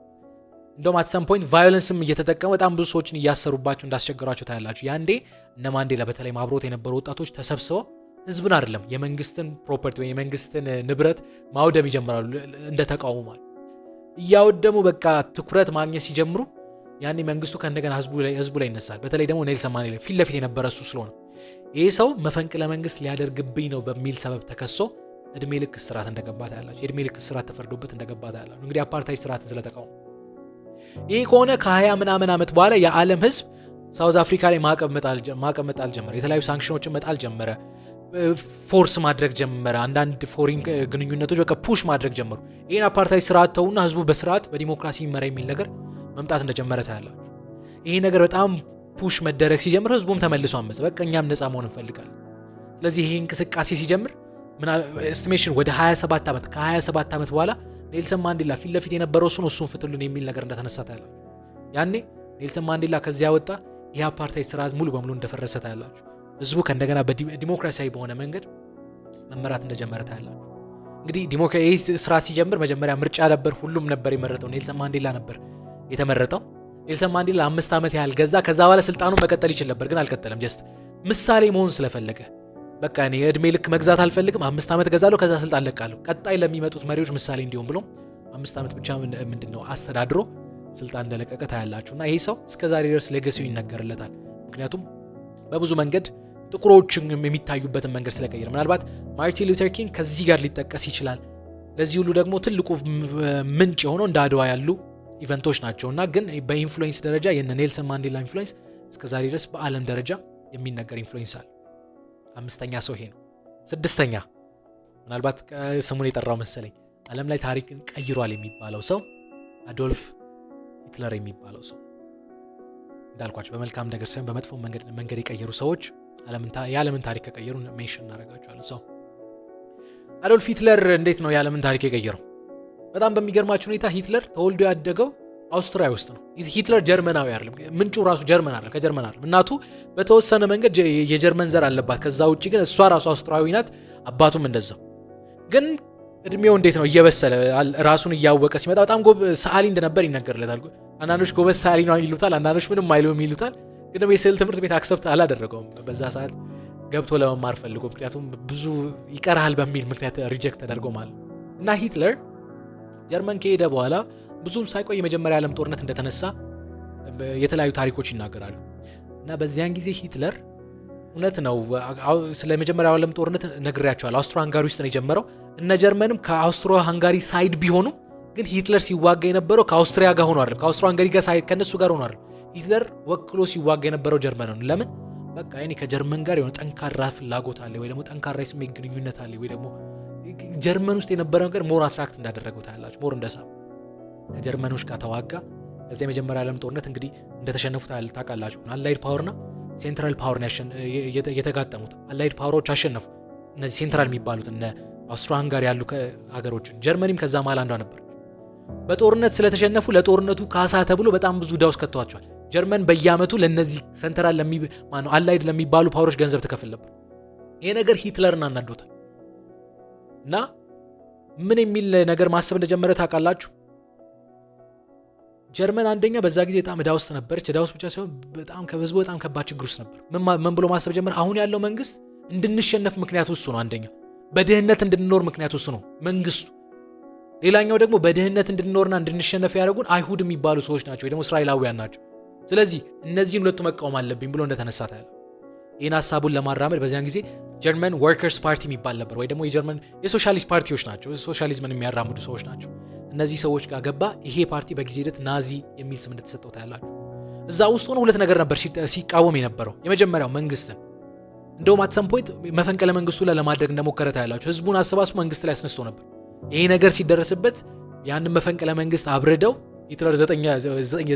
እንደውም አትሰም ፖይንት ቫዮለንስም እየተጠቀሙ በጣም ብዙ ሰዎችን እያሰሩባቸው እንዳስቸገሯቸው ታያላችሁ። ያንዴ እነ ማንዴላ በተለይ ማብሮት የነበሩ ወጣቶች ተሰብስበው ህዝብን አይደለም የመንግስትን ፕሮፐርቲ ወይም የመንግስትን ንብረት ማውደም ይጀምራሉ። እንደ ተቃውሞ እያወደሙ በቃ ትኩረት ማግኘት ሲጀምሩ ያኔ መንግስቱ ከእንደገና ህዝቡ ላይ ይነሳል። በተለይ ደግሞ ኔልሰን ማንዴላ ፊት ለፊት የነበረ እሱ ስለሆነ ይህ ሰው መፈንቅለ መንግስት ሊያደርግብኝ ነው በሚል ሰበብ ተከሶ እድሜ ልክ ስርዓት እንደገባት ያላቸው የእድሜ ልክ ስርዓት ተፈርዶበት እንደገባት ያላቸው እንግዲህ አፓርታይ ስርዓትን ስለተቃወሙ ይህ ከሆነ ከ20 ምናምን ዓመት በኋላ የዓለም ህዝብ ሳውዝ አፍሪካ ላይ ማዕቀብ መጣል ጀመረ። የተለያዩ ሳንክሽኖችን መጣል ጀመረ። ፎርስ ማድረግ ጀመረ። አንዳንድ ፎሪን ግንኙነቶች በቃ ፑሽ ማድረግ ጀመሩ። ይህን አፓርታይ ስርዓት ተውና ህዝቡ በስርዓት በዲሞክራሲ ይመራ የሚል ነገር መምጣት እንደጀመረ ታያላችሁ። ይሄ ነገር በጣም ፑሽ መደረግ ሲጀምር ህዝቡም ተመልሶ አመፅ፣ በቃ እኛም ነፃ መሆን እንፈልጋል። ስለዚህ ይሄ እንቅስቃሴ ሲጀምር ኤስቲሜሽን ወደ 27 ዓመት ከ27 ዓመት በኋላ ኔልሰን ማንዴላ ፊት ለፊት የነበረው እሱን እሱን ፍትሉን የሚል ነገር እንደተነሳ ታያላችሁ። ያኔ ኔልሰን ማንዴላ ከዚያ ወጣ፣ ይህ አፓርታይድ ስርዓት ሙሉ በሙሉ እንደፈረሰ ታያላችሁ። ህዝቡ ከእንደገና በዲሞክራሲያዊ በሆነ መንገድ መመራት እንደጀመረ ታያላችሁ። እንግዲህ ዲሞክራሲ ስራ ሲጀምር መጀመሪያ ምርጫ ነበር፣ ሁሉም ነበር የመረጠው፣ ኔልሰን ማንዴላ ነበር የተመረጠው ኔልሰን ማንዴላ አምስት ዓመት ያህል ገዛ። ከዛ በኋላ ስልጣኑን መቀጠል ይችል ነበር፣ ግን አልቀጠለም። ጀስት ምሳሌ መሆን ስለፈለገ በቃ እኔ እድሜ ልክ መግዛት አልፈልግም፣ አምስት ዓመት ገዛለሁ፣ ከዛ ስልጣን ለቃለሁ፣ ቀጣይ ለሚመጡት መሪዎች ምሳሌ እንዲሆን ብሎ አምስት ዓመት ብቻ ምንድን ነው አስተዳድሮ ስልጣን እንደለቀቀ ታያላችሁ። እና ይህ ሰው እስከዛሬ ድረስ ሌገሲው ይነገርለታል። ምክንያቱም በብዙ መንገድ ጥቁሮችን የሚታዩበትን መንገድ ስለቀየር ምናልባት ማርቲን ሉተር ኪንግ ከዚህ ጋር ሊጠቀስ ይችላል። ለዚህ ሁሉ ደግሞ ትልቁ ምንጭ የሆነው እንደ አድዋ ያሉ ኢቨንቶች ናቸው እና ግን በኢንፍሉዌንስ ደረጃ የነ ኔልሰን ማንዴላ ኢንፍሉዌንስ እስከዛሬ ድረስ በዓለም ደረጃ የሚነገር ኢንፍሉዌንስ አለ። አምስተኛ ሰው ይሄ ነው። ስድስተኛ ምናልባት ስሙን የጠራው መሰለኝ ዓለም ላይ ታሪክን ቀይሯል የሚባለው ሰው አዶልፍ ሂትለር የሚባለው ሰው እንዳልኳቸው በመልካም ነገር ሳይሆን በመጥፎ መንገድ የቀየሩ ሰዎች የዓለምን ታሪክ ከቀየሩ ሜንሽን እናደርጋቸዋለን። ሰው አዶልፍ ሂትለር እንዴት ነው የዓለምን ታሪክ የቀየረው? በጣም በሚገርማችሁ ሁኔታ ሂትለር ተወልዶ ያደገው አውስትሪያ ውስጥ ነው። ሂትለር ጀርመናዊ አይደለም፣ ምንጩ ራሱ ጀርመን አይደለም፣ ከጀርመን አይደለም። እናቱ በተወሰነ መንገድ የጀርመን ዘር አለባት። ከዛ ውጭ ግን እሷ ራሱ አውስትራዊ ናት፣ አባቱም እንደዛው። ግን እድሜው እንዴት ነው እየበሰለ ራሱን እያወቀ ሲመጣ በጣም ጎብ ሰዓሊ እንደነበር ይነገርለታል። አንዳንዶች ጎበዝ ሰዓሊ ነው ይሉታል፣ አንዳንዶች ምንም አይሉም ይሉታል። ግን ደግሞ የስዕል ትምህርት ቤት አክሰብት አላደረገውም በዛ ሰዓት ገብቶ ለመማር ፈልጎ፣ ምክንያቱም ብዙ ይቀርሃል በሚል ምክንያት ሪጀክት ተደርጎ ማለት እና ሂትለር ጀርመን ከሄደ በኋላ ብዙም ሳይቆይ የመጀመሪያ ዓለም ጦርነት እንደተነሳ የተለያዩ ታሪኮች ይናገራሉ። እና በዚያን ጊዜ ሂትለር እውነት ነው ስለ መጀመሪያው ዓለም ጦርነት ነግሬያቸዋል። አውስትሮ ሃንጋሪ ውስጥ ነው የጀመረው። እነ ጀርመንም ከአውስትሮ ሃንጋሪ ሳይድ ቢሆኑም ግን ሂትለር ሲዋጋ የነበረው ከአውስትሪያ ጋር ሆኖ አይደለም፣ ከአውስትሮ ሃንጋሪ ጋር ሳይድ ከነሱ ጋር ሆኖ አይደለም። ሂትለር ወክሎ ሲዋጋ የነበረው ጀርመን ነው። ለምን በቃ እኔ ከጀርመን ጋር የሆነ ጠንካራ ፍላጎት አለ ወይ ደግሞ ጠንካራ የስሜት ግንኙነት አለ ወይ ደግሞ ጀርመን ውስጥ የነበረው ነገር ሞር አትራክት እንዳደረገው ታያላችሁ። ሞር እንደሳብ ከጀርመኖች ጋር ተዋጋ። ከዚያ የመጀመሪያ ዓለም ጦርነት እንግዲህ እንደተሸነፉ ታውቃላችሁ። አላይድ ፓወርና ሴንትራል ፓወር የተጋጠሙት አላይድ ፓወሮች አሸነፉ። እነዚህ ሴንትራል የሚባሉት እነ አውስትሮ ሃንጋሪ ያሉ ሀገሮችን ጀርመኒም ከዛ መሃል አንዷ ነበር። በጦርነት ስለተሸነፉ ለጦርነቱ ካሳ ተብሎ በጣም ብዙ ዳውስ ውስጥ ከተዋቸዋል። ጀርመን በየአመቱ ለነዚህ ሴንትራል ለሚ አላይድ ለሚባሉ ፓወሮች ገንዘብ ትከፍል ነበር። ይሄ ነገር ሂትለርን አናዶታል። እና ምን የሚል ነገር ማሰብ እንደጀመረ ታውቃላችሁ? ጀርመን አንደኛ በዛ ጊዜ በጣም እዳ ውስጥ ነበረች። እዳ ውስጥ ብቻ ሳይሆን በጣም ከህዝቡ በጣም ከባድ ችግር ውስጥ ነበር። ምን ብሎ ማሰብ ጀመረ? አሁን ያለው መንግስት እንድንሸነፍ ምክንያት ውሱ ነው። አንደኛ በድህነት እንድንኖር ምክንያት ውሱ ነው መንግስቱ። ሌላኛው ደግሞ በድህነት እንድንኖርና እንድንሸነፍ ያደረጉን አይሁድ የሚባሉ ሰዎች ናቸው፣ ደግሞ እስራኤላውያን ናቸው። ስለዚህ እነዚህን ሁለቱ መቃወም አለብኝ ብሎ እንደተነሳ ታያለ። ይህን ሀሳቡን ለማራመድ በዚያን ጊዜ ጀርመን ወርከርስ ፓርቲ የሚባል ነበር፣ ወይ ደግሞ የጀርመን የሶሻሊስት ፓርቲዎች ናቸው፣ ሶሻሊዝምን የሚያራምዱ ሰዎች ናቸው። እነዚህ ሰዎች ጋር ገባ። ይሄ ፓርቲ በጊዜ ሂደት ናዚ የሚል ስም እንደተሰጠው ታያላችሁ። እዛ ውስጥ ሆኖ ሁለት ነገር ነበር ሲቃወም የነበረው። የመጀመሪያው መንግስትን፣ እንደውም አትሰም ፖይንት መፈንቅለ መንግስቱ ላይ ለማድረግ እንደሞከረ ታያላችሁ። ህዝቡን አሰባስቡ መንግስት ላይ አስነስቶ ነበር። ይሄ ነገር ሲደረስበት ያንን መፈንቅለ መንግስት አብርደው ሂትለር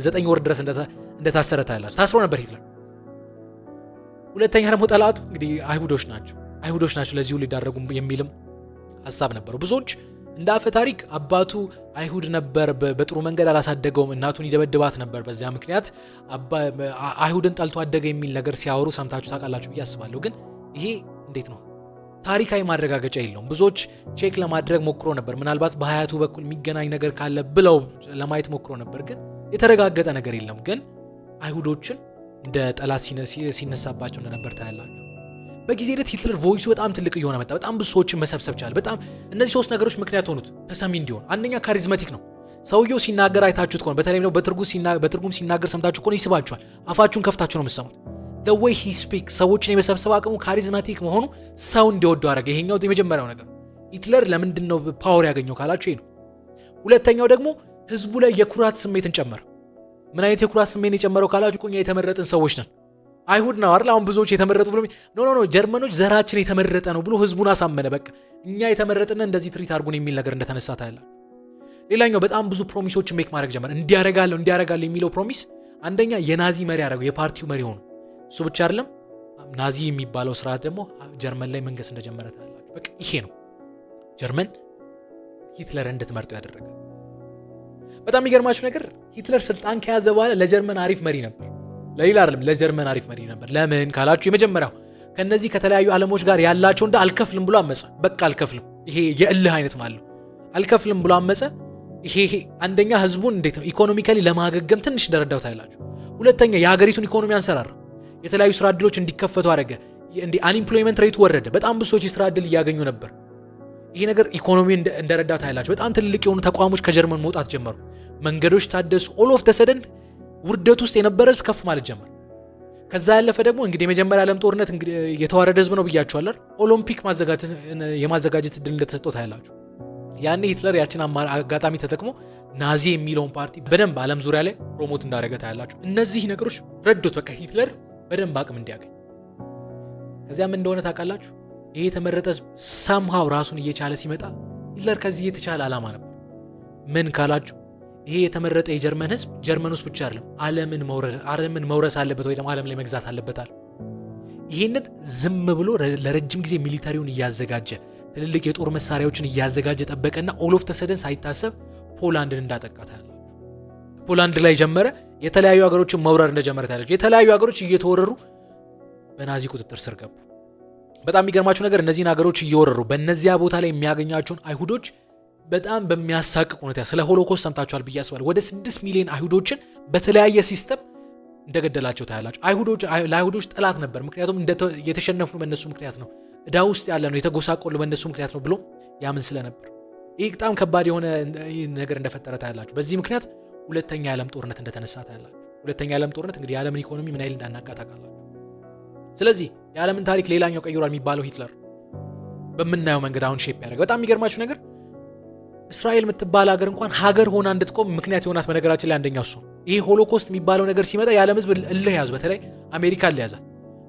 ዘጠኝ ወር ድረስ እንደታሰረ ታያላችሁ። ታስሮ ነበር ሂትለር ሁለተኛ ደግሞ ጠላቱ እንግዲህ አይሁዶች ናቸው። አይሁዶች ናቸው ለዚሁ ሊዳረጉ የሚልም ሀሳብ ነበሩ። ብዙዎች እንደ አፈ ታሪክ አባቱ አይሁድ ነበር፣ በጥሩ መንገድ አላሳደገውም፣ እናቱን ይደበድባት ነበር፣ በዚያ ምክንያት አይሁድን ጠልቶ አደገ የሚል ነገር ሲያወሩ ሰምታችሁ ታውቃላችሁ ብዬ አስባለሁ። ግን ይሄ እንዴት ነው? ታሪካዊ ማረጋገጫ የለውም። ብዙዎች ቼክ ለማድረግ ሞክሮ ነበር፣ ምናልባት በሀያቱ በኩል የሚገናኝ ነገር ካለ ብለው ለማየት ሞክሮ ነበር፣ ግን የተረጋገጠ ነገር የለም። ግን አይሁዶችን እንደ ጠላት ሲነሳባቸው እንደነበር ታያላችሁ። በጊዜ ሂደት ሂትለር ቮይሱ በጣም ትልቅ እየሆነ መጣ። በጣም ብዙ ሰዎችን መሰብሰብ ቻለ። በጣም እነዚህ ሶስት ነገሮች ምክንያት ሆኑት ተሰሚ እንዲሆን። አንደኛ ካሪዝማቲክ ነው። ሰውየው ሲናገር አይታችሁት ከሆነ በተለይ ደግሞ በትርጉም ሲናገር ሰምታችሁ ከሆነ ይስባችኋል። አፋችሁን ከፍታችሁ ነው የምትሰሙት። ዘ way ሂ ስፒክ ሰዎችን የመሰብሰብ አቅሙ ካሪዝማቲክ መሆኑ ሰው እንዲወዱ አደረገ። ይሄኛው የመጀመሪያው ነገር ሂትለር ለምንድን ነው ፓወር ያገኘው ካላችሁ ይሄ ነው። ሁለተኛው ደግሞ ህዝቡ ላይ የኩራት ስሜትን ጨመረ። ምን አይነት የኩራት ስሜን የጨመረው ካላችሁ እኮ እኛ የተመረጥን ሰዎች ነን። አይሁድ ነው አይደል? አሁን ብዙዎች የተመረጡ ብሎ ኖ ኖ ኖ ጀርመኖች ዘራችን የተመረጠ ነው ብሎ ህዝቡን አሳመነ። በቃ እኛ የተመረጥና እንደዚህ ትሪት አድርጉን የሚል ነገር እንደተነሳ ታያለ። ሌላኛው በጣም ብዙ ፕሮሚሶች ሜክ ማድረግ ጀመረ። እንዲያረጋለሁ እንዲያረጋለሁ የሚለው ፕሮሚስ አንደኛ የናዚ መሪ አደረገው፣ የፓርቲው መሪ ሆኑ። እሱ ብቻ አይደለም ናዚ የሚባለው ስርዓት ደግሞ ጀርመን ላይ መንገስ እንደጀመረ ታያላችሁ። በቃ ይሄ ነው ጀርመን ሂትለር እንድትመርጠው ያደረገ በጣም የሚገርማችሁ ነገር ሂትለር ስልጣን ከያዘ በኋላ ለጀርመን አሪፍ መሪ ነበር። ለሌላ አይደለም፣ ለጀርመን አሪፍ መሪ ነበር። ለምን ካላችሁ የመጀመሪያው ከነዚህ ከተለያዩ ዓለሞች ጋር ያላቸው እንደ አልከፍልም ብሎ አመፀ። በቃ አልከፍልም፣ ይሄ የእልህ አይነት ማለት አልከፍልም ብሎ አመፀ። ይሄ አንደኛ ህዝቡን እንዴት ነው ኢኮኖሚካሊ ለማገገም ትንሽ ደረዳው ታይላችሁ። ሁለተኛ የሀገሪቱን ኢኮኖሚ አንሰራራ፣ የተለያዩ ስራ እድሎች እንዲከፈቱ አደረገ። አንኢምፕሎይመንት ሬቱ ወረደ። በጣም ብሶች የስራ እድል እያገኙ ነበር። ይሄ ነገር ኢኮኖሚ እንደረዳት አይላቸው። በጣም ትልልቅ የሆኑ ተቋሞች ከጀርመን መውጣት ጀመሩ። መንገዶች ታደሱ። ኦል ኦፍ ተሰደን ውርደት ውስጥ የነበረ ህዝብ ከፍ ማለት ጀመር። ከዛ ያለፈ ደግሞ እንግዲህ የመጀመሪያ ዓለም ጦርነት የተዋረደ ህዝብ ነው ብያቸዋለን። ኦሎምፒክ የማዘጋጀት እድል እንደተሰጠው ታያላችሁ። ያኔ ሂትለር ያችን አጋጣሚ ተጠቅሞ ናዚ የሚለውን ፓርቲ በደንብ ዓለም ዙሪያ ላይ ፕሮሞት እንዳደረገ ታያላችሁ። እነዚህ ነገሮች ረዶት በቃ ሂትለር በደንብ አቅም እንዲያገኝ ከዚያም እንደሆነ ታውቃላችሁ ይሄ የተመረጠ ህዝብ ሰምሃው ራሱን እየቻለ ሲመጣ ሂትለር ከዚህ የተቻለ ዓላማ ነበር። ምን ካላችሁ ይሄ የተመረጠ የጀርመን ህዝብ ጀርመን ውስጥ ብቻ አይደለም ዓለምን መውረስ አለበት ወይ ደግሞ ዓለም ላይ መግዛት አለበታል። ይህንን ዝም ብሎ ለረጅም ጊዜ ሚሊታሪውን እያዘጋጀ ትልልቅ የጦር መሳሪያዎችን እያዘጋጀ ጠበቀና ኦሎፍ ተሰደን ሳይታሰብ ፖላንድን እንዳጠቃት ያለ ፖላንድ ላይ ጀመረ። የተለያዩ ሀገሮችን መውረር እንደጀመረ ታያለች። የተለያዩ ሀገሮች እየተወረሩ በናዚ ቁጥጥር ስር ገቡ። በጣም የሚገርማችሁ ነገር እነዚህን ሀገሮች እየወረሩ በእነዚያ ቦታ ላይ የሚያገኛቸውን አይሁዶች በጣም በሚያሳቅቅ ሁኔታ ስለ ሆሎኮስት ሰምታችኋል ብዬ አስባለሁ። ወደ ስድስት ሚሊዮን አይሁዶችን በተለያየ ሲስተም እንደገደላቸው ታያላቸው። ለአይሁዶች ጠላት ነበር፣ ምክንያቱም የተሸነፉ በእነሱ ምክንያት ነው፣ እዳ ውስጥ ያለ ነው፣ የተጎሳቆሉ በእነሱ ምክንያት ነው ብሎ ያምን ስለነበር ይህ በጣም ከባድ የሆነ ነገር እንደፈጠረ ታያላችሁ። በዚህ ምክንያት ሁለተኛ የዓለም ጦርነት እንደተነሳ ታያላችሁ። ሁለተኛ የዓለም ጦርነት እንግዲህ የዓለምን ኢኮኖሚ ምን ያህል እንዳናጋ ታውቃላችሁ። ስለዚህ የዓለምን ታሪክ ሌላኛው ቀይሯል የሚባለው ሂትለር በምናየው መንገድ አሁን ሼፕ ያደረገ። በጣም የሚገርማችሁ ነገር እስራኤል የምትባል ሀገር እንኳን ሀገር ሆና እንድትቆም ምክንያት የሆናት በነገራችን ላይ አንደኛ እሱ ይሄ ሆሎኮስት የሚባለው ነገር ሲመጣ የዓለም ህዝብ እልህ ያዙ። በተለይ አሜሪካን ሊያዛት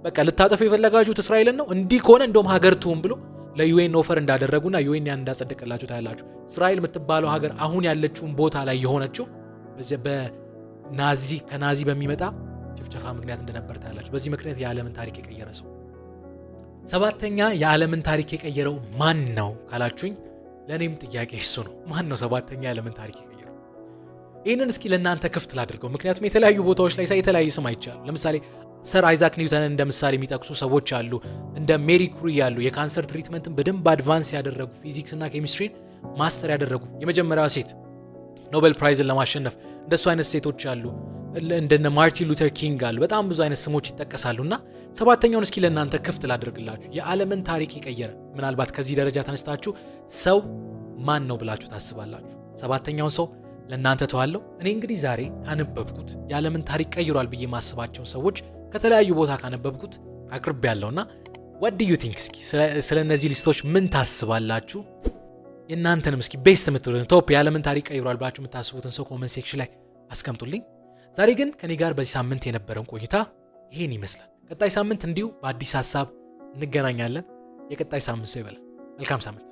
በቃ ልታጠፈው የፈለጋችሁት እስራኤልን ነው፣ እንዲህ ከሆነ እንደውም ሀገር ትሁን ብሎ ለዩኤን ኦፈር እንዳደረጉና ዩኤን ያን እንዳጸደቀላችሁ ታያላችሁ። እስራኤል የምትባለው ሀገር አሁን ያለችውን ቦታ ላይ የሆነችው በናዚ ከናዚ በሚመጣ ጀፋ ምክንያት እንደነበር ታያላችሁ። በዚህ ምክንያት የዓለምን ታሪክ የቀየረ ሰው። ሰባተኛ የዓለምን ታሪክ የቀየረው ማን ነው ካላችሁኝ፣ ለእኔም ጥያቄ እሱ ነው። ማን ነው ሰባተኛ የዓለምን ታሪክ የቀየረው? ይህንን እስኪ ለእናንተ ክፍት ላድርገው። ምክንያቱም የተለያዩ ቦታዎች ላይ የተለያየ ስም አይቻል። ለምሳሌ ሰር አይዛክ ኒውተንን እንደ ምሳሌ የሚጠቅሱ ሰዎች አሉ። እንደ ሜሪ ኩሪ ያሉ የካንሰር ትሪትመንትን በደንብ አድቫንስ ያደረጉ እና ኬሚስትሪን ማስተር ያደረጉ የመጀመሪያዋ ሴት ኖቤል ፕራይዝን ለማሸነፍ እንደሱ አይነት ሴቶች አሉ። እንደነ ማርቲን ሉተር ኪንግ አሉ። በጣም ብዙ አይነት ስሞች ይጠቀሳሉ እና ሰባተኛውን እስኪ ለእናንተ ክፍት ላድርግላችሁ። የዓለምን ታሪክ የቀየረ ምናልባት ከዚህ ደረጃ ተነስታችሁ ሰው ማን ነው ብላችሁ ታስባላችሁ? ሰባተኛውን ሰው ለእናንተ ተዋለው እኔ እንግዲህ ዛሬ ካነበብኩት የዓለምን ታሪክ ቀይሯል ብዬ ማስባቸውን ሰዎች ከተለያዩ ቦታ ካነበብኩት አቅርብ ያለውና ወድ ዩ ቲንክ እስኪ ስለ እነዚህ ሊስቶች ምን ታስባላችሁ? የእናንተንም እስኪ ቤስት የምትሉትን ቶፕ የዓለምን ታሪክ ቀይሯል ብላችሁ የምታስቡትን ሰው ኮመንት ሴክሽን ላይ አስቀምጡልኝ። ዛሬ ግን ከኔ ጋር በዚህ ሳምንት የነበረን ቆይታ ይሄን ይመስላል። ቀጣይ ሳምንት እንዲሁ በአዲስ ሀሳብ እንገናኛለን። የቀጣይ ሳምንት ሰው ይበላል። መልካም ሳምንት